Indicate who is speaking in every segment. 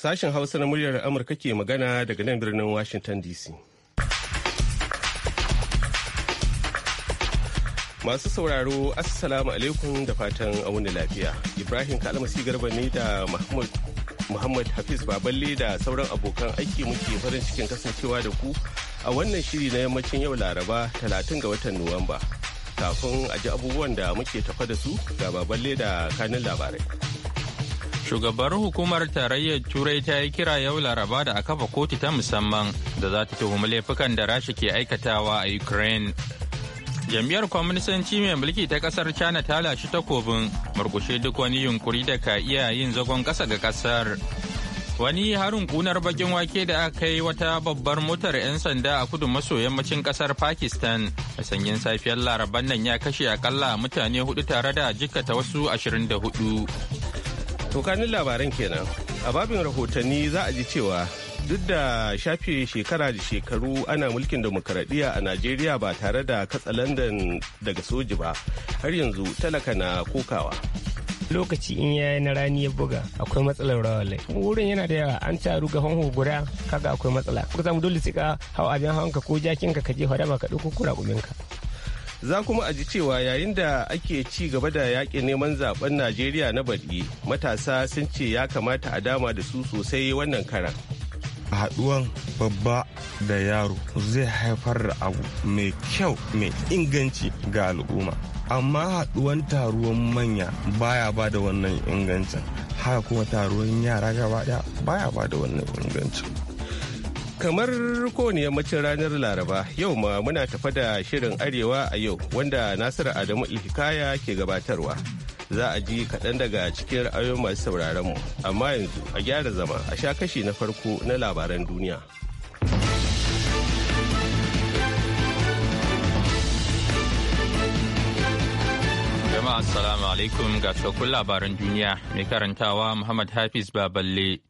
Speaker 1: Sashen Hausa na muryar Amurka ke magana daga nan birnin Washington DC. Masu sauraro, Assalamu alaikum da fatan auni lafiya. Ibrahim Kalmasi Garba ne da Muhammad Hafiz Baballe da sauran abokan aiki muke farin cikin kasancewa da ku a wannan shiri na yammacin yau Laraba 30 ga watan Nuwamba. Kafin a ji abubuwan da muke tafa da su ga Baballe da kanin labarai.
Speaker 2: shugabar hukumar tarayyar turai ta yi kira yau laraba da a kafa kotu ta musamman da za ta tuhumi laifukan da rasha ke aikatawa a ukraine jam'iyyar kwamnisanci mai mulki ta kasar china ta lashi takobin murkushe duk wani yunkuri da ka iya yin zagon kasa ga kasar wani harin kunar bakin wake da aka kai wata babbar motar 'yan sanda a kudu maso yammacin kasar pakistan a sanyin safiyar laraban nan ya kashe akalla mutane hudu tare da jikkata wasu 24
Speaker 1: tokanin labaran kenan a babin rahotanni za a ji cewa duk da shafe shekara da shekaru ana mulkin demokaradiyya a najeriya ba tare da katsalandan daga soji ba har yanzu talaka na kokawa
Speaker 3: lokaci in ya na rani ya buga akwai matsalar rawalai wurin yana da yawa an taru ga hanho guda kaga akwai matsala kuka samu dole sai ka hau abin ka ko jakinka ka je hada ba ka ɗauko kura ka
Speaker 1: za kuma a ji cewa yayin da ake ci gaba da yakin neman zaben najeriya na baɗi matasa sun ce ya kamata a dama da su sosai wannan karan
Speaker 3: haɗuwan babba da yaro zai haifar da abu mai kyau mai inganci ga al'umma amma haɗuwan taruwan manya baya ba da wannan ingancin haka kuma taruwan yara gaba ɗaya baya ba da wannan ingancin
Speaker 1: kamar kowane yammacin ranar laraba yau ma muna tafa da shirin arewa a yau wanda nasiru adamu ilhikaya ke gabatarwa za a ji kaɗan daga cikin ra'ayoyin masu sauraron mu amma yanzu a gyara zama a sha kashi na farko na labaran duniya
Speaker 2: jama'a assalamu alaikum ga cikakkun labaran duniya mai karantawa muhammad hafiz baballe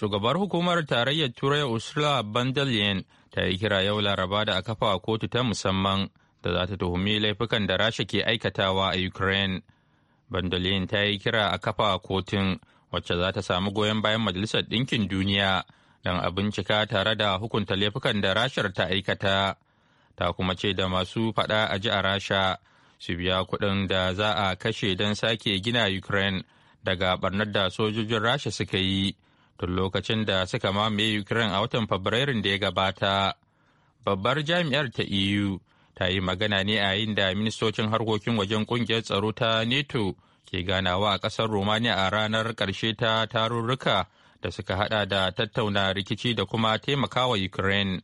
Speaker 2: Shugabar hukumar tarayyar Turai Ursula von ta yi kira yau Laraba da a kafa kotu ta musamman da za ta tuhumi laifukan da Rasha ke aikatawa a Ukraine. Von ta yi kira a kafa kotun wacce za ta samu goyon bayan Majalisar Ɗinkin Duniya don a bincika tare da hukunta laifukan da Rashar ta aikata. Ta kuma ce da masu faɗa a ji a Rasha su biya kuɗin da za a kashe don sake gina Ukraine daga ɓarnar da sojojin Rasha suka yi. tun lokacin da suka mamaye Ukraine a watan Fabrairun da ya gabata. Babbar jami'ar ta EU ta yi magana ne a yayin da ministocin harkokin wajen kungiyar tsaro ta NATO ke ganawa a ƙasar Romania a ranar ƙarshe ta tarurruka da suka hada da tattauna rikici da kuma taimakawa Ukraine.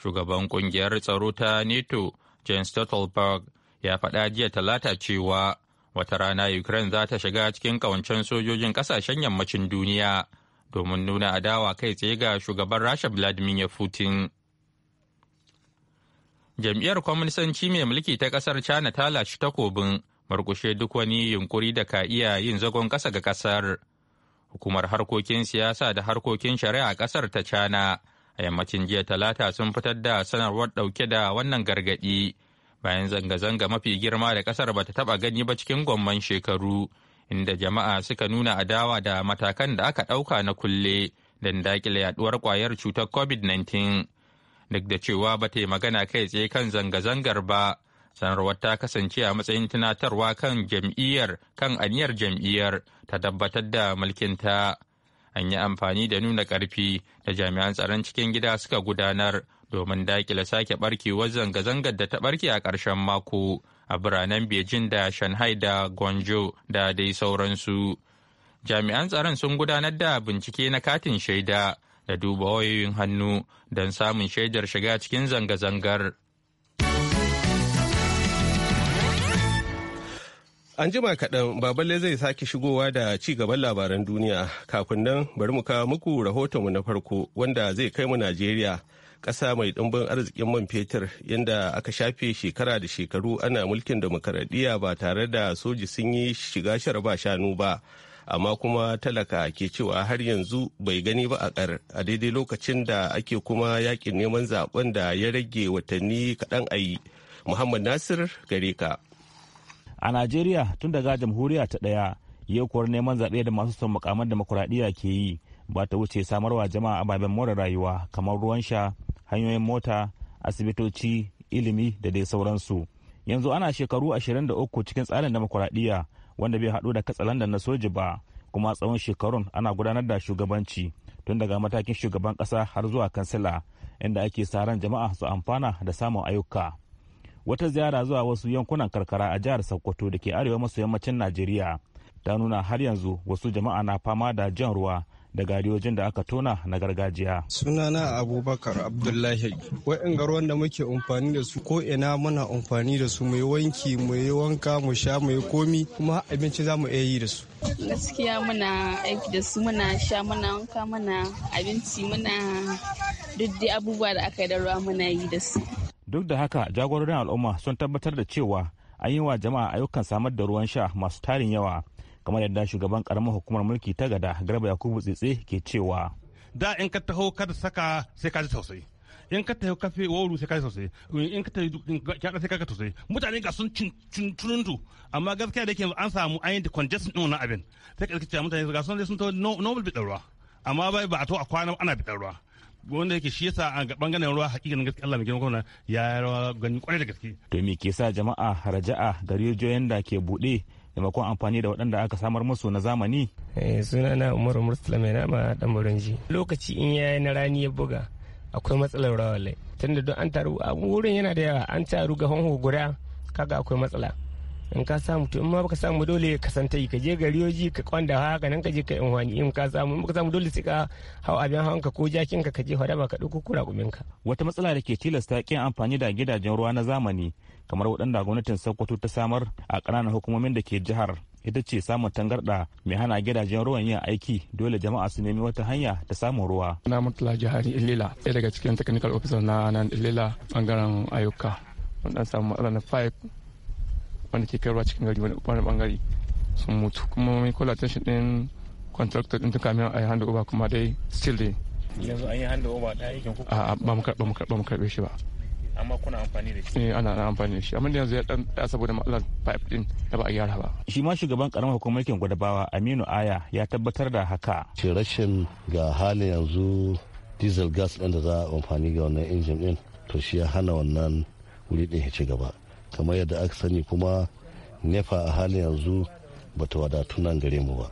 Speaker 2: Shugaban kungiyar tsaro ta NATO, Jens Stoltenberg, ya faɗa jiya talata cewa wata rana Ukraine za ta shiga cikin ƙawancen sojojin ƙasashen yammacin duniya. domin nuna adawa kai tsaye ga shugaban rasha vladimir putin jam'iyyar kwamnisanci mai mulki ta kasar china ta lashe takobin murkushe duk wani yunkuri da ka iya yin zagon kasa ga kasar hukumar harkokin siyasa da harkokin shari'a a kasar ta china a yammacin jiya talata sun fitar da sanarwar ɗauke da wannan gargaɗi bayan zanga-zanga mafi girma da kasar ba ta taɓa gani ba cikin gwamman shekaru inda jama'a suka nuna adawa da matakan da aka ɗauka na kulle don daƙile yaduwar kwayar cutar covid-19 duk da cewa ba ta yi magana kai tsaye kan zanga-zangar ba sanarwar ta kasance a matsayin tunatarwa kan jam'iyyar kan aniyar jam'iyyar ta tabbatar da mulkinta an yi amfani da nuna ƙarfi da jami'an tsaron cikin gida suka gudanar domin daƙile sake barkewar zanga-zangar da ta barke a ƙarshen mako a biranen Beijing da Shanghai da Guangzhou da dai sauransu. Jami'an tsaron sun gudanar da bincike na katin shaida da duba wayoyin hannu don samun shaidar shiga cikin zanga-zangar.
Speaker 1: An jima kaɗan baballe zai sake shigowa da ci gaban labaran duniya kafin nan bari mu kawo muku mu na farko wanda zai kai mu Najeriya kasa mai ɗumbin arzikin man fetur yadda aka shafe shekara da shekaru ana mulkin demokaradiyya ba tare da soji sun yi shiga sharaba shanu ba amma kuma talaka ke cewa har yanzu bai gani ba a kar a daidai lokacin da ake kuma yakin neman zaben da ya rage watanni kaɗan a yi muhammad nasir gare ka
Speaker 4: a najeriya tun daga jamhuriya ta ɗaya yaukuwar neman zaɓe da masu son mukamar demokuraɗiyya ke yi ba ta wuce samarwa jama'a ababen more rayuwa kamar ruwan sha hanyoyin mota asibitoci ilimi da dai sauransu yanzu ana shekaru 23 cikin tsarin demokuraɗiyya wanda bai haɗu da katsalandan na soji ba kuma tsawon shekarun ana gudanar da shugabanci tun daga matakin shugaban ƙasa har zuwa kansila inda ake sa ran jama'a su amfana da samun ayyuka wata ziyara zuwa wasu yankunan karkara a jihar sokoto da ke arewa maso yammacin najeriya ta nuna har yanzu wasu jama'a na fama da jan ruwa da gariyojin da aka tona na gargajiya.
Speaker 3: Sunana Abubakar Abdullahi. Wa'in ruwan da muke amfani da su ko ina muna amfani da su mu wanki mu wanka mu sha mu komi kuma abinci za mu iya yi da su.
Speaker 5: Gaskiya muna aiki da su muna sha muna wanka muna abinci muna duk da abubuwa da
Speaker 6: aka yi da ruwa muna yi da su.
Speaker 4: Duk da haka jagororin al'umma sun tabbatar da cewa an yi wa jama'a ayyukan samar da ruwan sha masu tarin yawa kamar yadda shugaban karamar hukumar mulki ta gada garba yakubu tsitse ke cewa da in ka taho ka saka sai ka ji sosai in ka taho kafe woru sai ka ji sosai in ka taho kyada sai ka ga mutane ga sun tunundu amma gaskiya da yake an samu ayin da congestion din wannan abin sai ka cewa mutane ga sun sun taho normal bi ruwa amma bai ba a to a kwana ana bi ruwa wanda yake shi yasa a bangaren ruwa hakikanin gaskiya Allah mai girma gwamna ya rawa gani kwarai da gaske to me ke sa jama'a raja'a da rijiyoyin da ke bude maimakon amfani da waɗanda aka samar musu na zamani.
Speaker 3: Eh, suna na umar murtala mai nama dan burinji lokaci in yayi na rani ya buga akwai matsalar rawale tunda don an taru a wurin yana da yawa an taru ga hanho guda kaga akwai matsala in ka samu to in ma baka samu dole ka san tayi ka je gariyoji ka kwanda haka nan ka je ka inwani in ka samu in baka samu dole sai ka hau abin hawan ka ko jakin ka ka je hada ka dauko kura ka
Speaker 4: wata matsala da ke tilasta kin amfani da gidajen ruwa na zamani kamar waɗanda gwamnatin sokoto ta samar a ƙananan hukumomin da ke jihar ita ce samun tangarɗa mai hana gidajen ruwan yin aiki dole jama'a su nemi wata hanya ta samun ruwa.
Speaker 3: na mutula jihari ilila ɗaya daga cikin technical officer na nan ilila bangaren ayyuka wanda samu matsala na pipe wanda ke kai ruwa cikin gari wani bangare sun mutu kuma mai kula ta ɗin contractor ɗin tun kamin a yi hand over kuma dai still dai.
Speaker 4: yanzu an yi hand over ɗaya aikin ku. a ba mu karɓe shi ba. ma kuna amfani da shi eh ana amfani da shi amma yanzu ya dan saboda matsalar pipe din da ba a gyara ba shi ma shugaban karamar hukumar mulkin gwadabawa Aminu Aya ya tabbatar da
Speaker 5: haka shi rashin ga halin yanzu diesel gas din da za a amfani ga wannan injin din to shi ya hana wannan wuri din ya ci gaba kamar yadda aka sani kuma nefa a halin yanzu bata wadatu nan gare mu ba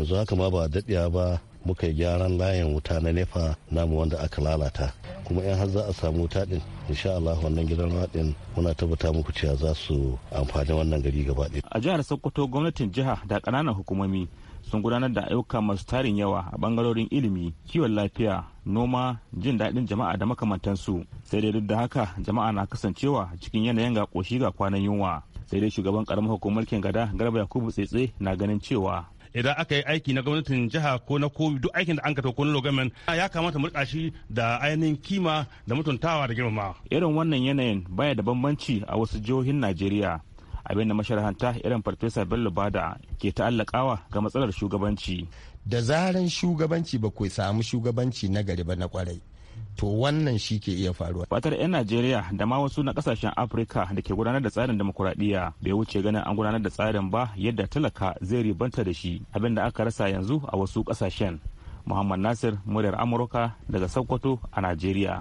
Speaker 5: yanzu haka ma ba daɗiya ba muka yi gyaran layin wuta na nefa namu wanda aka lalata kuma in har za a samu wuta din insha Allah wannan gidan ruwa din muna tabbata muku cewa za su amfani wannan gari gaba ɗaya
Speaker 4: a jihar Sokoto gwamnatin jiha da ƙananan hukumomi sun gudanar da ayyuka masu tarin yawa a bangarorin ilimi kiwon lafiya noma jin daɗin jama'a da makamantansu sai dai duk da haka jama'a na kasancewa cikin yanayin ga ƙoshi ga kwanan yunwa sai dai shugaban karamar hukumar gada garba yakubu tsetse na ganin cewa idan aka yi aiki na gwamnatin jiha ko na komi duk aikin da an kato ko na logamen ya kamata mu shi da ainihin kima da mutuntawa da girma. irin wannan yanayin baya da bambanci a wasu jihohin najeriya abinda masharhanta irin farfesa bello bada ke ta'allakawa ga matsalar shugabanci da
Speaker 3: zaran shugabanci ba ku samu shugabanci na gari ba na kwarai to wannan shi ke iya faruwa.
Speaker 4: fatar 'yan najeriya da ma wasu na kasashen afirka da ke gudanar da tsarin demokuraɗiyya bai wuce ganin an gudanar da tsarin ba yadda talaka zai ribanta da shi abin da aka rasa yanzu a wasu kasashen muhammad nasir muryar amurka daga sokoto a najeriya.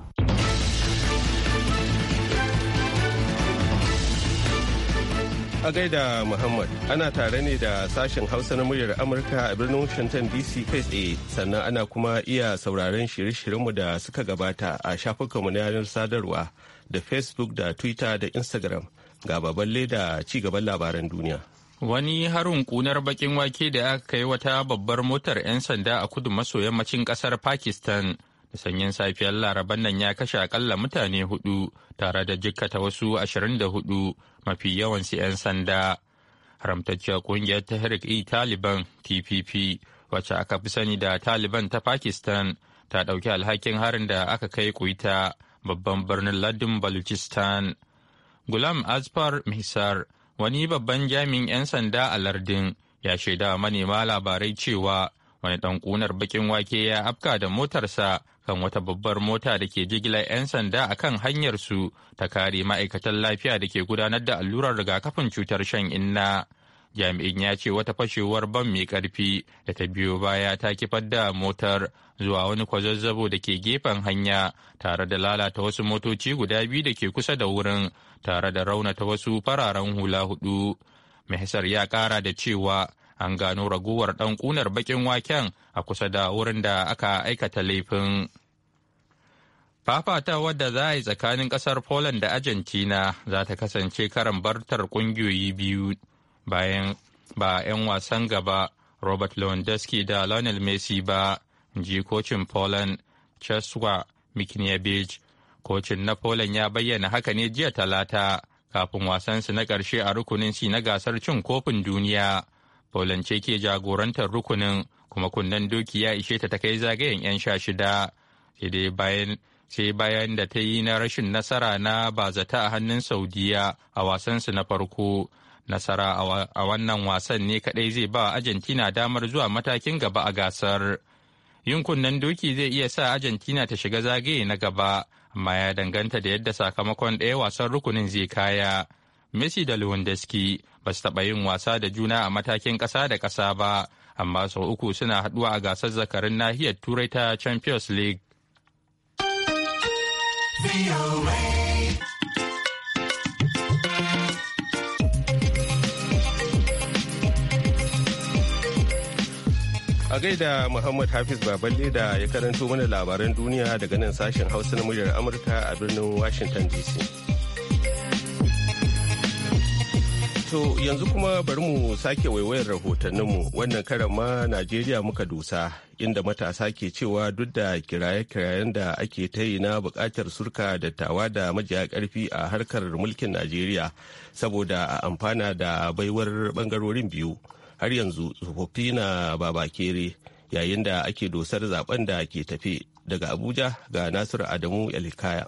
Speaker 1: A gaida Muhammad, ana tare ne da sashen Hausa na muryar Amurka a birnin Washington DC kai tsaye, sannan ana kuma iya sauraron shirye-shiryenmu da suka gabata a shafukanmu na yanar sadarwa da Facebook da Twitter da Instagram. Ga babban leda ci gaban labaran duniya.
Speaker 2: Wani harin kunar bakin wake da aka kai wata babbar motar 'yan sanda a kudu maso yammacin kasar Pakistan sanyin safiyar laraban nan ya kashe akalla mutane hudu tare da jikkata wasu ashirin da hudu mafi yawan su 'yan sanda haramtacciyar kungiyar tahrik e taliban tpp wacce aka fi sani da taliban ta pakistan ta dauki alhakin harin da aka kai kuita babban birnin ladin baluchistan gulam azfar misar wani babban jami'in 'yan sanda a lardin ya shaida manema labarai cewa wani ɗan kunar bakin wake ya afka da motarsa kan wata babbar mota da ke jigilar 'yan sanda a kan hanyarsu ta kare ma'aikatan lafiya da ke gudanar da allurar rigakafin cutar shan inna. jami'in ya ce wata fashewar ban mai karfi da ta biyo baya ta kifar da motar zuwa wani kwazazzabo da ke gefen hanya tare da lalata wasu motoci guda biyu da ke kusa da wurin tare da ta wasu fararen hula hudu. Mahisar ya kara da cewa an gano raguwar ɗan ƙunar baƙin waken a kusa da wurin da aka aikata laifin. Fafata wadda za a yi tsakanin ƙasar Poland da Argentina za ta kasance karan bartar ƙungiyoyi biyu bayan ba 'yan wasan gaba Robert Lewandowski da Lionel Messi ba, ji kocin Poland Czeswa Mikniewicz. Kocin na Poland ya bayyana haka ne jiya talata kafin wasansu na ƙarshe a rukunin si na gasar cin kofin duniya. Poland ke jagorantar rukunin kuma kunnen doki ya ishe ta ta kai zagayen 'yan sha shida sai bayan da ta yi na rashin nasara na bazata a hannun saudiya a wasansu na farko nasara a wannan wasan ne kadai zai ba argentina damar zuwa matakin gaba a gasar yin kunnen doki zai iya sa argentina ta shiga zagaye na gaba amma ya danganta da yadda sakamakon ɗaya wasan rukunin zai kaya Messi da Lewandowski ba su taɓa yin wasa da juna a matakin ƙasa da ƙasa ba, amma sau uku suna haɗuwa a gasar zakarin nahiyar Turai ta Champions League.
Speaker 1: A gaida Muhammad Hafiz Baballe da ya karanto mana labaran duniya daga nan sashen Hausa na muryar Amurka a birnin Washington DC. To yanzu kuma bari mu sake waiwayar rahotanninmu wannan karan ma Najeriya muka dusa inda matasa ke cewa duk da kiraye-kirayen da ake ta yi na bukatar surka da tawa da majiya karfi a harkar mulkin Najeriya saboda a amfana da baiwar bangarorin biyu har yanzu tsofaffi na babakere yayin da ake dosar zaben da ke tafe daga Abuja ga Nasiru Adamu Elikaya.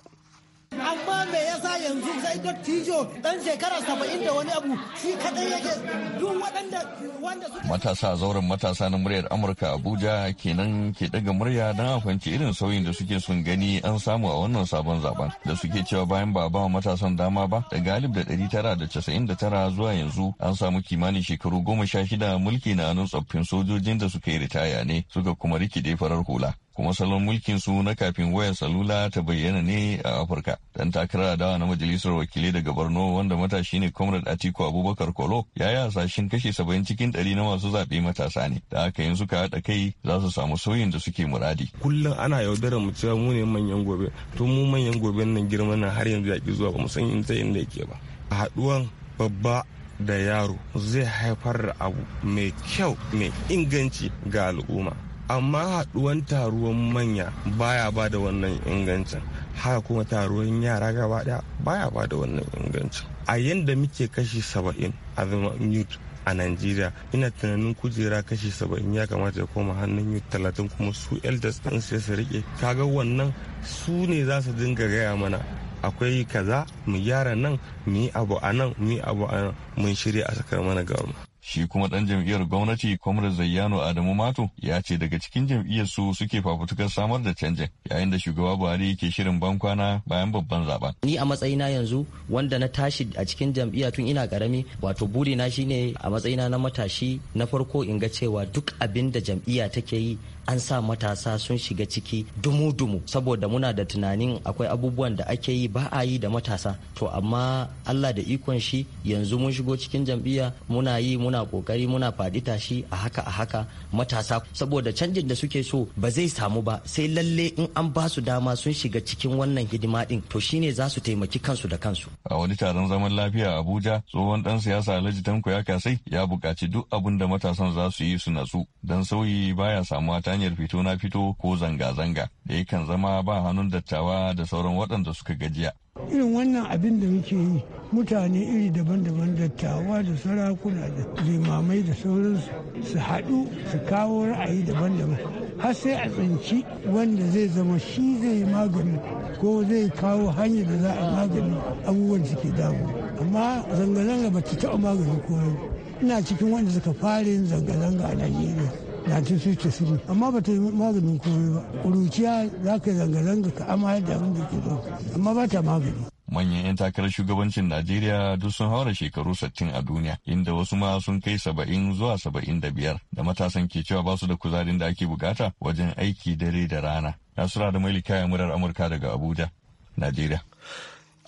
Speaker 5: yanzu sai dattijo dan shekara saba'in da wani abu shi kadai yake duk waɗanda wanda
Speaker 7: matasa zauren matasa na muryar amurka abuja kenan ke daga murya don a irin sauyin da suke sun gani an samu a wannan sabon zaben da suke cewa bayan ba ba matasan dama ba da galib da ɗari tara da casa'in da tara zuwa yanzu an samu kimanin shekaru goma sha shida mulki na hannun tsoffin sojojin da suka yi ritaya ne suka kuma rikide farar hula kuma salon mulkin su na kafin wayar salula ta bayyana ne a Afirka. Dan takarar adawa na majalisar wakilai daga Borno wanda matashi ne Comrade Atiku Abubakar Kolo ya yi hasashen kashe saba'in cikin ɗari na masu zaɓe matasa ne. Da haka yanzu ka haɗa kai za su samu sauyin da suke muradi.
Speaker 3: Kullum ana yaudarar mu cewa mu ne manyan gobe. To mu manyan gobe nan girma na har yanzu yaƙi zuwa ba mu san in ta inda yake ba. A haɗuwan babba da yaro zai haifar da abu mai kyau mai inganci ga al'umma. amma haɗuwan taruwan manya baya ba da wannan ingancin haka kuma taruwan yara gaba ɗaya baya ba da wannan ingancin a yadda muke kashi saba'in a zama mute a Najeriya ina tunanin kujera kashi saba'in ya kamata ya koma hannun yau talatin kuma su elders ɗin sai su rike kaga wannan su ne za su dinga gaya mana akwai kaza mu gyara nan mu yi abu a nan mu yi abu a nan mun
Speaker 7: shirya a sakar mana gama. Shi kuma ɗan jam'iyyar gwamnati Kwamrar Zayyano Adamu Mato ya ce daga cikin jam'iyyar su suke fafutukar samar da canjin yayin da shugaba Buhari ke shirin bankwana bayan babban zaben.
Speaker 4: Ni a matsayina yanzu wanda na tashi a cikin jam'iyya tun ina karami wato burina shine a matsayina na matashi na farko in ga cewa duk abin da jam'iyya take yi an sa matasa sun shiga ciki dumu-dumu saboda muna da tunanin akwai abubuwan da ake yi ba a yi da matasa to amma allah da ikon shi yanzu mun shigo cikin jam'iyya muna yi muna kokari muna faɗi tashi a haka a haka matasa saboda canjin da suke so ba zai samu ba sai lalle in an ba su dama sun shiga cikin wannan hidima din to shine za su taimaki kansu da kansu
Speaker 7: a wani taron zaman lafiya abuja tsohon dan siyasa alhaji tanko ya kasai ya buƙaci duk abin da matasan za su yi su natsu don sauyi baya samuwa hanyar fito na fito ko zanga-zanga da yakan zama ba hannun dattawa da sauran waɗanda suka gajiya.
Speaker 5: Irin wannan abin da muke yi mutane iri daban-daban dattawa da sarakuna da limamai da sauransu su haɗu su kawo ra'ayi daban-daban har sai a tsanci wanda zai zama shi zai magani ko zai kawo hanyar da za a magani abubuwan suke damu amma zanga-zanga ba ta taɓa maganin ko ina cikin wanda suka fara yin zanga-zanga a najeriya 1963 amma bata yi maganin komai ba kuruciya za ka zanga-zanga ka amayar yadda abin da ke amma ba ta magani
Speaker 7: manyan 'yan takarar shugabancin Najeriya duk sun haura shekaru 60 a duniya, inda wasu ma sun kai 70 zuwa 75 da matasan ke cewa basu da kuzarin da ake bukata wajen aiki dare da rana. Nasura da mai ya murar Amurka daga Abuja,
Speaker 1: Najeriya.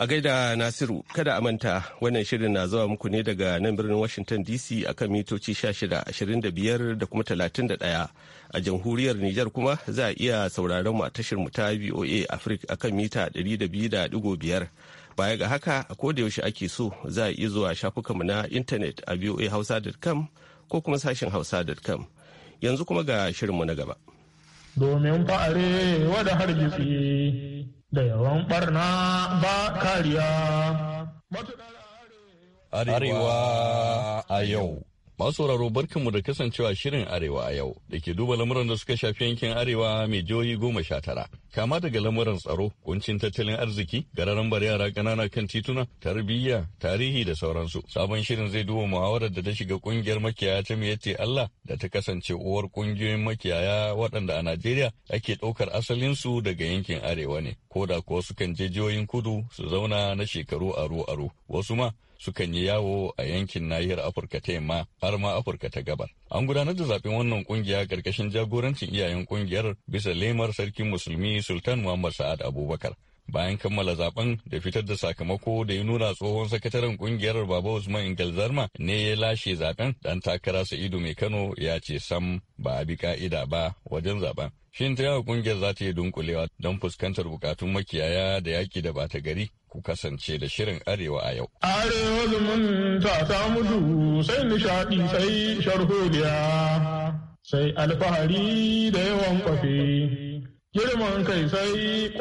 Speaker 1: A gaida Nasiru, kada a manta wannan shirin na zuwa muku ne daga nan birnin Washington DC a kan mitoci 16-25 da kuma 31. A jamhuriyar Nijar kuma za a iya sauraron mu a tashar mu ta VOA Africa a kan mita 200.5. Baya ga haka, a yaushe ake so za a iya zuwa shafukanmu na intanet a voahausa.com ko kuma sashen hausa.com. Yanzu kuma ga shirinmu na gaba.
Speaker 3: domin fa'are da hargitsi da yawan barna ba kariya.
Speaker 7: Arewa a yau Masu sauraro barkanmu da kasancewa shirin Arewa a yau da ke duba lamuran da suka shafi yankin Arewa mai jihohi goma sha tara. kama daga lamuran tsaro kuncin tattalin arziki gararan bar yara kanana kan tituna tarbiyya tarihi da sauransu sabon shirin zai duba muhawarar da ta shiga kungiyar makiyaya ta miyatti allah da ta kasance uwar kungiyoyin makiyaya waɗanda a najeriya ake ɗaukar asalinsu daga yankin arewa ne ko da kuwa sukan je jihohin kudu su zauna na shekaru aro aro wasu ma sukan yi yawo a yankin nahiyar Afirka ta yamma har ma Afirka ta gabar. An gudanar da zaben wannan kungiya karkashin jagorancin iyayen kungiyar bisa lemar sarkin musulmi Sultan Muhammad Sa'ad Abubakar. bayan kammala zaben da fitar da sakamako da ya nuna tsohon sakataren kungiyar baba usman ingal zarma ne ya lashe zaben dan takara sa sa'idu mai kano ya ce sam ba a bi ka'ida ba wajen zaben shin ta yawa kungiyar za ta yi dunkulewa don fuskantar bukatun makiyaya da yaki da bata gari ku kasance da shirin arewa a yau.
Speaker 3: arewa zumunta ta
Speaker 8: mutu sai nishaɗi sai sharhoriya sai alfahari da yawan kwafe. girma kai sai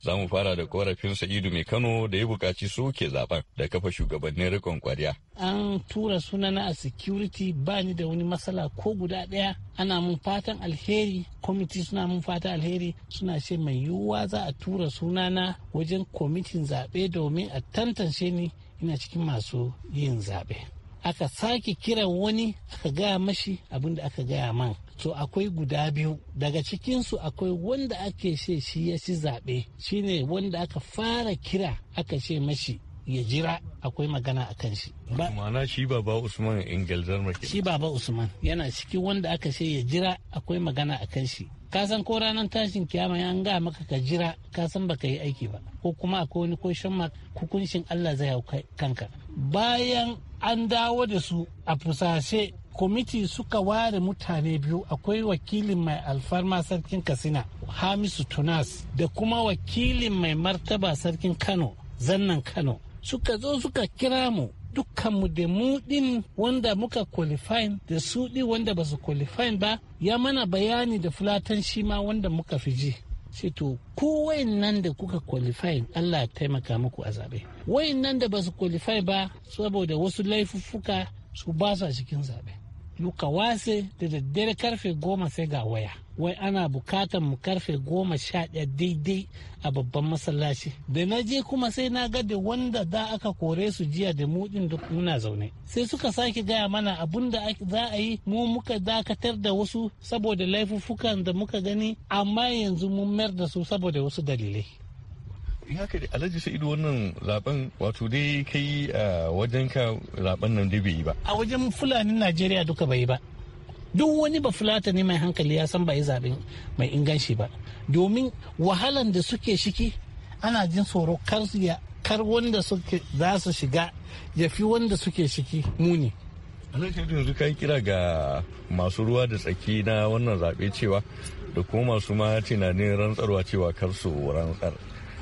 Speaker 7: Za mu fara da korafin Sa'idu mai Kano da ya buƙaci soke zaben da kafa shugabannin rikon kwariya.
Speaker 5: An tura sunana a security ba ni da wani matsala ko guda ɗaya ana mun fatan alheri kwamiti suna mun fatan alheri suna ce mai yiwuwa za a tura sunana wajen kwamitin zaɓe domin a tantance ni ina cikin masu yin zaɓe. aka sake kiran wani aka gaya mashi abin da aka gaya man to akwai guda biyu daga cikinsu akwai wanda ake ce shi ya ci zaɓe shine wanda aka fara kira aka ce mashi ya jira akwai magana a kan shi.
Speaker 7: Ma'ana shi baba Usman Ingel Shi baba Usman
Speaker 5: yana cikin wanda aka ce ya jira akwai magana a kan shi. Ka san ko ranar tashin kiyama ya ga maka ka jira ka san baka yi aiki ba ko kuma akwai wani ko shan hukuncin Allah zai hau kanka. Bayan an dawo da su a fusashe kwamiti suka ware mutane biyu akwai wakilin mai alfarma sarkin katsina hamisu tunas da kuma wakilin mai martaba sarkin kano zannan kano suka zo suka kira mu dukkanmu da mu din wanda muka qualify da su wanda ba su qualify ba ya mana bayani da fulatan shi ma wanda muka fi ji sai to ko nan da kuka qualify Allah ya taimaka muku a zabe wayan nan da ba su qualify ba saboda wasu laifuffuka su ba sa cikin zaɓe yuka wase da daddare karfe goma sai ga waya wai ana bukatan mu karfe goma sha ɗaya daidai a babban masallaci da na je kuma sai na ga da wanda za aka kore su jiya da mu din duk muna zaune sai suka sake gaya mana abun da za a yi mu muka dakatar da wasu saboda laifuffukan da muka gani amma yanzu mun mayar da su saboda wasu dalilai
Speaker 7: in haka da alhaji sa'idu wannan zaben wato dai kai a wajen ka zaben nan dai bai yi ba
Speaker 5: a wajen fulani najeriya duka bai yi ba duk wani ba fulata ne mai hankali ya san bai zaben mai inganci ba domin wahalan da suke shiki ana jin tsoro kar kar wanda suke za su shiga ya fi wanda suke shiki muni
Speaker 7: alhaji yanzu kai kira ga masu ruwa da tsaki na wannan zaɓe cewa da kuma masu ma tunanin rantsarwa cewa kar su rantsar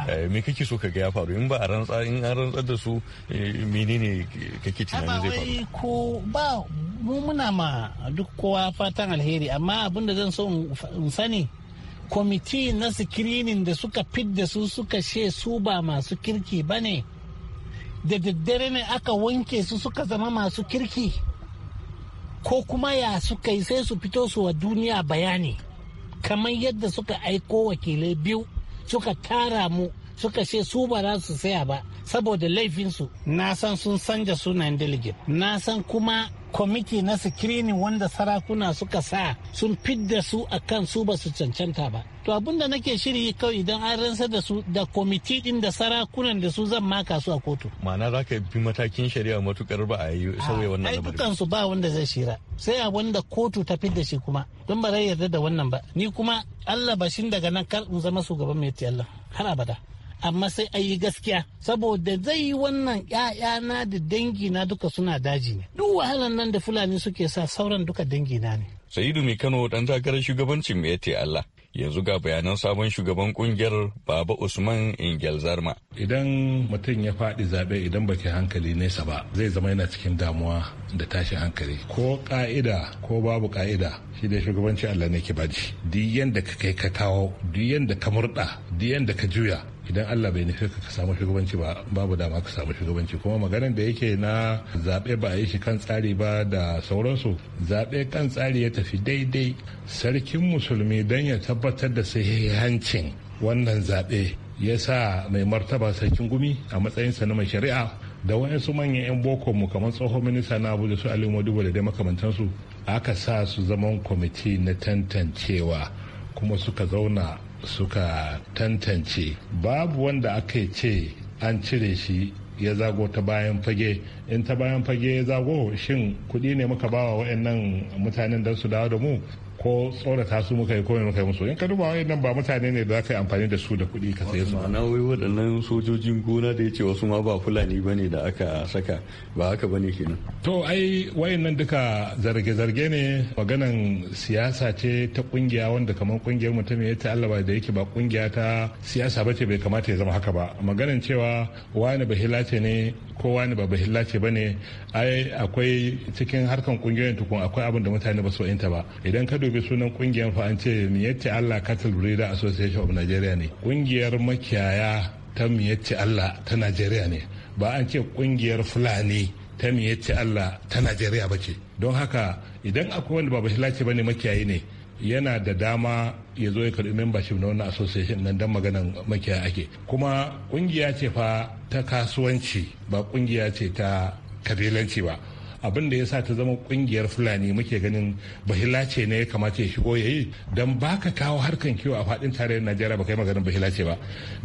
Speaker 7: Eh, me kake so ka ga ya faru in ba a rantsa in an rantsar da su eh, menene kake tunanin zai faru
Speaker 5: ko ba mu muna ma duk kowa fatan alheri amma abin da zan so in sani kwamiti na sikirinin da suka fidda su suka she su ba masu kirki ba ne da daddare ne aka wanke su suka zama masu kirki ko kuma ya suka yi sai su fito su wa duniya bayani kamar yadda suka aiko wakilai biyu suka tara mu suka ce su ba za su saya ba saboda laifinsu na san sun sanja sunayen delegate na san kuma kwamiti na sikirinin wanda sarakuna suka sa sun fidda su a kan su ba su cancanta ba to abin da nake shiri kawai idan an ransa da su da kwamiti din da sarakunan da su zan maka su a kotu
Speaker 7: ma'ana za ka bi matakin shari'a matukar ba a yi sauye wannan
Speaker 5: su ba wanda zai shira sai a wanda kotu ta fidda shi kuma don ba zai yarda da wannan ba ni kuma Allah bashin daga nan kar in zama shugaban mai Allah har abada amma sai a yi gaskiya saboda zai yi wannan na da dangina duka suna daji ne duk wahalan nan da fulani suke sa sauran duka dangina ne.
Speaker 7: sayidu mai kano dan takarar shugabancin mai allah yanzu ga bayanan sabon shugaban kungiyar baba usman ingel zarma
Speaker 8: idan mutum ya faɗi zaɓe idan baki hankali nesa ba zai zama yana cikin damuwa da tashi hankali ko ka'ida ko babu ka'ida shi da shugabanci allah ne ke baji duk yanda ka kai ka kawo duk yanda ka murɗa duk yanda ka juya idan allah bai nufi ka samu shugabanci ba babu dama ka samu shugabanci kuma maganin da yake na zaɓe ba a yi shi kan tsari ba da sauransu zaɓe kan tsari ya tafi daidai sarkin musulmi don ya tabbatar da sahihancin wannan zaɓe ya sa mai martaba sarkin gumi a matsayinsa na mai shari'a da wayansu manyan 'yan boko mu kamar tsohon minista na abuja su alimu dubu da dai makamantansu aka sa su zaman kwamiti na tantancewa kuma suka zauna suka tantance babu wanda aka ce an cire shi ya zago ta bayan fage in ta bayan fage ya zago shin kuɗi ne muka bawa waɗannan mutanen don su dawo da mu ko tsorata su muka yi ko muka yi musu in ka duba wayan nan ba mutane ne da za ka yi amfani da su da kuɗi ka saye su ma'ana
Speaker 7: wai waɗannan sojojin gona da ya ce wasu ma ba fulani ba ne da aka saka ba haka ba ne kenan
Speaker 8: to ai wayan nan duka zarge-zarge ne maganan siyasa ce ta kungiya wanda kamar kungiyar mutum ya ta'allaba da yake ba kungiya ta siyasa ba ce bai kamata ya zama haka ba maganan cewa wani bahila ce ne ko wani ba bahila ba ne ai akwai cikin harkan kungiyoyin tukun akwai abin da mutane ba su ba idan ka dubi dubi sunan kungiyar fa an ce miyatti Allah Cattle Breeder Association of Nigeria ne. Kungiyar makiyaya ta miyatti Allah ta Nigeria ne. Ba an ce kungiyar Fulani ta miyatti Allah ta Nigeria ba ce. Don haka idan akwai wanda ba bashi ba ne makiyayi ne yana da dama ya zo ya karɓi membership na wannan association nan dan maganan makiyaya ake. Kuma kungiya ce fa ta kasuwanci ba kungiya ce ta kabilanci ba. abin da ya sa ta zama kungiyar fulani muke ganin bahila ce ne ya kamata ya shigo ya yi don ba ka kawo harkan kiwo a faɗin tarayyar najeriya ba kai maganin bahila ce ba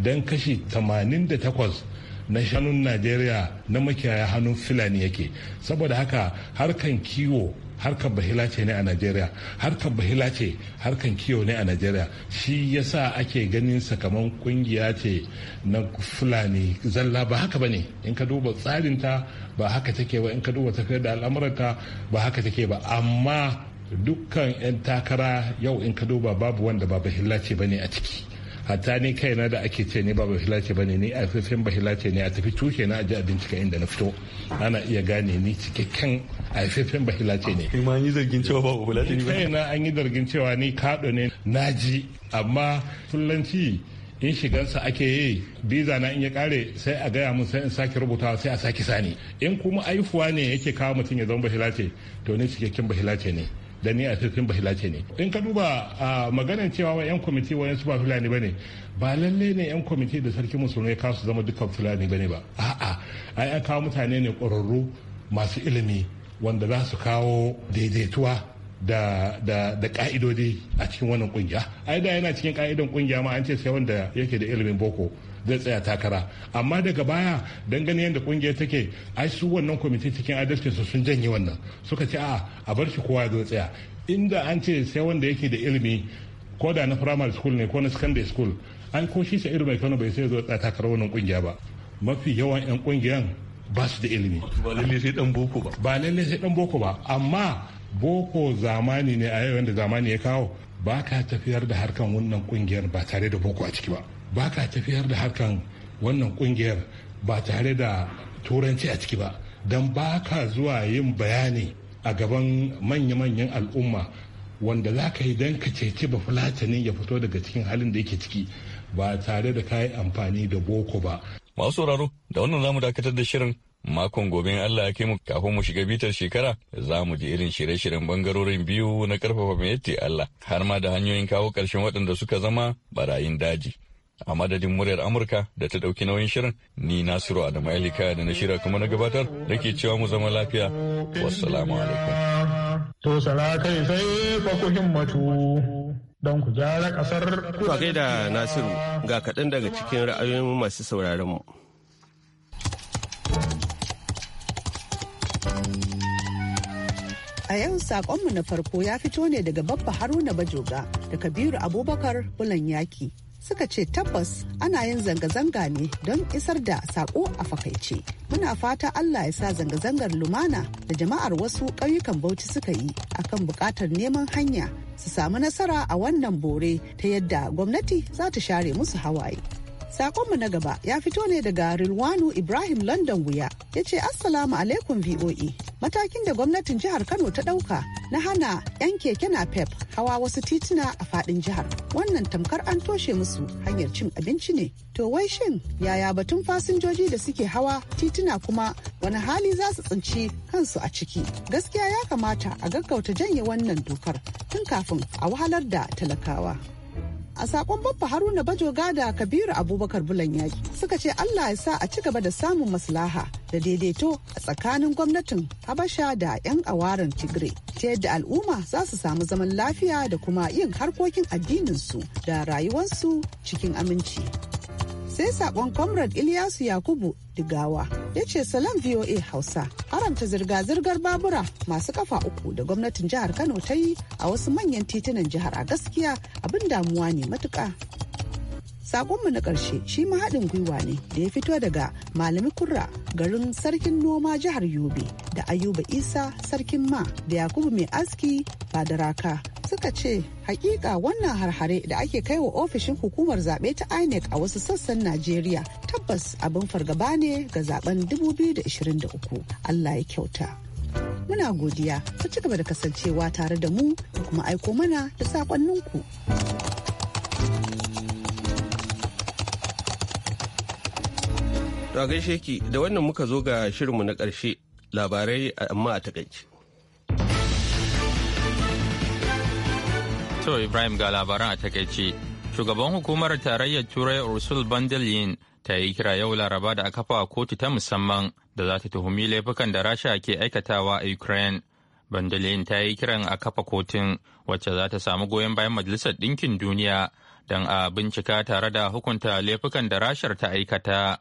Speaker 8: don kashi 88 na shanun najeriya na makiyaya hannun fulani yake saboda haka harkan kiwo harkar bahila ce ne a najeriya harkar bahila ce harkan kiwo ne a najeriya shi yasa ake ganin kamar kungiya ce na fulani zalla ba haka ba ne in ka duba tsarinta ba haka take ba in ka duba tafiya da al'amuranta ba haka take ba amma dukkan 'yan takara yau in ka duba babu wanda ba bahila ce ne a ciki hatta ni kaina da ake ce ni ba bahilace bane ni a fifin bahilace ne a tafi tushe na aji abinci bincika inda na fito ana iya gane ni cikakken a fifin bahilace ne kuma an yi zargin cewa ba bahilace ne kaina an yi zargin cewa ni kaɗo ne naji amma Kullanci in shigansa ake yi biza na in ya kare sai a gaya mun sai in sake rubutawa sai a sake sani in kuma aifuwa ne yake kawo mutum ya zama bahilace to ni cikakken bahilace ne da ni a cikin bahilace ne in ka duba a maganar cewa wa 'yan kwamiti wa su ba fulani bane ba lalle ne 'yan kwamiti da sarki musulmai ka su zama dukkan fulani bane ba a'a ai an kawo mutane ne ƙwararru masu ilimi wanda za su kawo daidaituwa da da ka'idodi a cikin wannan kungiya ai da yana cikin ka'idan kungiya ma an ce sai wanda yake da ilimin boko zai tsaya takara amma daga baya dangane yadda kungiyar take ai su wannan kwamiti cikin adalcin su sun janye wannan suka ce a a bar shi kowa zai tsaya inda an ce sai wanda yake da ilimi ko da na primary school ne ko na secondary school an ko shi sa mai kano bai sai zo tsaya takarar wannan kungiya ba mafi yawan yan kungiyan ba su da ilimi ba lalle sai dan boko ba ba lalle sai dan boko ba amma boko zamani ne a yau da zamani ya kawo ba ka tafiyar da harkan wannan kungiyar ba tare da boko a ciki ba ba ka tafiyar da harkan wannan kungiyar ba tare da turanci a ciki ba don ba ka zuwa yin bayani a gaban manya-manyan al'umma wanda za ka yi don ka ceci ba fulatani ya fito daga cikin halin da yake ciki ba tare da ka amfani da boko ba.
Speaker 7: Masu sauraro da wannan zamu dakatar da shirin makon gobe Allah ya mu kafin mu shiga bitar shekara za mu ji irin shirye-shiryen bangarorin biyu na karfafa mai Allah har ma da hanyoyin kawo ƙarshen waɗanda suka zama barayin daji. a madadin muryar amurka da ta ɗauki nauyin shirin ni nasiru da alika da na shirya kuma na gabatar da ke
Speaker 1: cewa mu zama lafiya wassalamu
Speaker 8: alaikum to kai sai fa matu don ku gyara kasar
Speaker 1: to da nasiru ga kaɗan daga cikin ra'ayoyin masu sauraron mu
Speaker 6: A yau saƙonmu na farko ya fito ne daga babba Haruna Bajoga da Kabiru Abubakar Bulan Yaki suka ce tabbas ana yin zanga-zanga ne don isar da sako a fakaice. Muna fata Allah ya sa zanga-zangar lumana da jama'ar wasu ƙauyukan Bauchi suka yi akan buƙatar neman hanya su samu nasara a wannan bore ta yadda gwamnati za ta share musu hawaye. Sakonmu na gaba ya fito ne daga Rilwanu Ibrahim London Wuya ya ce Assalamu alaikum VOE. Matakin da gwamnatin jihar Kano ta ɗauka na hana 'yan keke na pep hawa wasu tituna a faɗin jihar. Wannan tamkar an toshe musu hanyar cin abinci ne. To wai shin yaya batun fasinjoji da suke hawa tituna kuma wani hali za su tsinci kansu a ciki. Gaskiya ya kamata a gaggauta janye wannan dokar tun kafin a wahalar da talakawa. a sakon babba haruna Bajogada gada kabiru abubakar bulan yaki suka ce allah ya sa a ci gaba da samun maslaha da daidaito a tsakanin gwamnatin habasha da 'yan awaran tigre ta yadda al'umma za su samu zaman lafiya da kuma yin harkokin addininsu da rayuwarsu cikin aminci sai sakon comrade ilyasu yakubu digawa ya ce salam VOA Hausa haramta zirga-zirgar babura masu kafa uku da gwamnatin jihar Kano ta yi a wasu manyan titunan jihar a gaskiya abin damuwa ne matuka Sakonmu na ƙarshe shi ma haɗin gwiwa ne da ya fito daga Malami Kurra garin Sarkin Noma jihar Yobe da Ayuba Isa Sarkin Ma da Yakubu Mai Aski fadaraka suka ce hakika wannan harhare da ake kai wa ofishin hukumar zaɓe ta inec a wasu sassan najeriya tabbas abin fargaba ne ga zaben 2023 allah ya kyauta muna godiya ku ci gaba da kasancewa tare da mu da kuma aiko mana da saƙonninku.
Speaker 1: To gaishe ki da wannan muka zo ga shirinmu na ƙarshe
Speaker 2: labarai amma a takaice. To Ibrahim ga labaran a takaice. Shugaban hukumar tarayyar Turai Ursul Bandelin ta yi kira yau laraba da aka fawa kotu ta musamman da za ta tuhumi laifukan da Rasha ke aikatawa a Ukraine. Bandelin ta yi kiran a kafa kotun wacce za ta samu goyon bayan Majalisar Ɗinkin Duniya don a bincika tare da hukunta laifukan da Rashar ta aikata.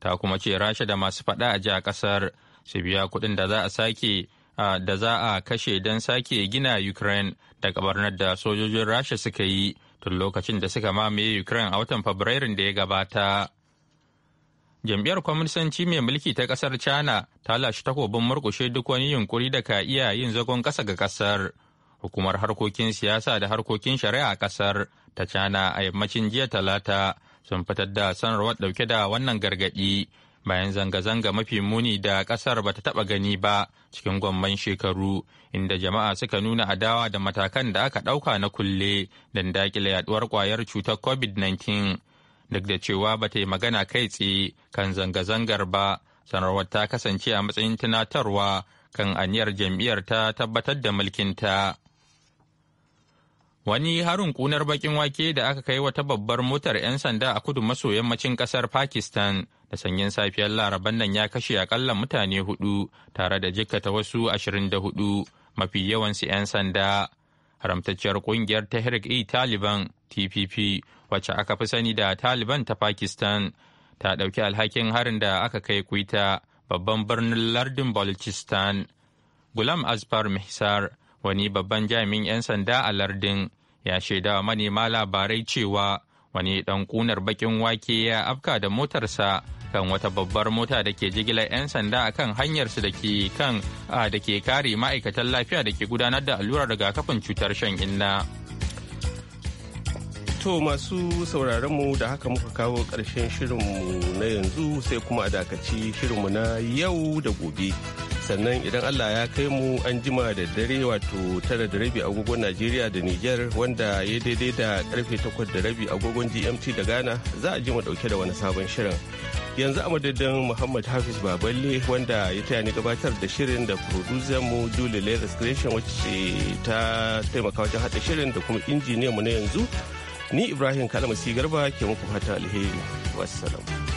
Speaker 2: ta kuma ce rasha da masu faɗa a jiya a ƙasar su biya kuɗin da za a sake da za a kashe don sake gina ukraine da barnar da sojojin rasha suka yi tun lokacin da suka mamaye ukraine a watan fabrairun da ya gabata jam'iyyar kwamisanci mai mulki ta kasar china ta lashe takobin murkushe duk wani yunkuri da ka iya yin zagon ƙasa ga ƙasar hukumar harkokin siyasa da harkokin shari'a a ƙasar ta china a yammacin jiya talata sun fitar da sanarwar dauke da wannan gargaɗi bayan zanga-zanga mafi muni da ƙasar ba ta taɓa gani ba cikin gwamman shekaru inda jama'a suka nuna adawa da matakan da aka ɗauka na kulle don daƙile yaduwar ƙwayar cutar covid-19 duk da cewa ba ta yi magana kai tsaye kan zanga-zangar ba sanarwar ta kasance a matsayin tunatarwa kan aniyar jam'iyyar ta tabbatar da mulkinta Wani harin kunar bakin wake da aka kai wata babbar motar 'yan sanda a kudu maso yammacin kasar Pakistan da sanyin safiyar laraban nan ya kashe akalla mutane hudu tare da jikkata wasu ashirin da hudu mafi yawansu 'yan sanda. Haramtacciyar kungiyar ta e Taliban TPP wacce aka fi sani da Taliban ta Pakistan ta ɗauki alhakin harin da aka kai kuita babban birnin lardin Balochistan. Gulam Azfar Mihsar wani babban jami'in 'yan sanda a lardin ya shaidawa manema labarai cewa wani dan kunar bakin wake ya afka da motarsa kan wata babbar mota da ke jigilar 'yan sanda a kan hanyarsu da ke kan da ke kare ma'aikatan lafiya da ke gudanar da allurar rigakafin cutar shan inna.
Speaker 1: To masu sauraron mu da haka muka kawo ƙarshen shirinmu na yanzu sai kuma a dakaci shirinmu na yau da gobe. sannan idan allah ya kai mu an jima da dare wato tara da rabi agogon najeriya da niger wanda ya daidai da karfe takwas da rabi agogon gmt da ghana za a ji mu dauke da wani sabon shirin yanzu a madadin muhammad hafiz baballe wanda ya taya ni gabatar da shirin da producer mu julie leathers creation wacce ta taimaka wajen haɗa shirin da kuma injiniyan mu na yanzu ni ibrahim kalamasi garba ke muku fata alheri Wassalamu.